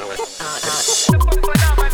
Давай.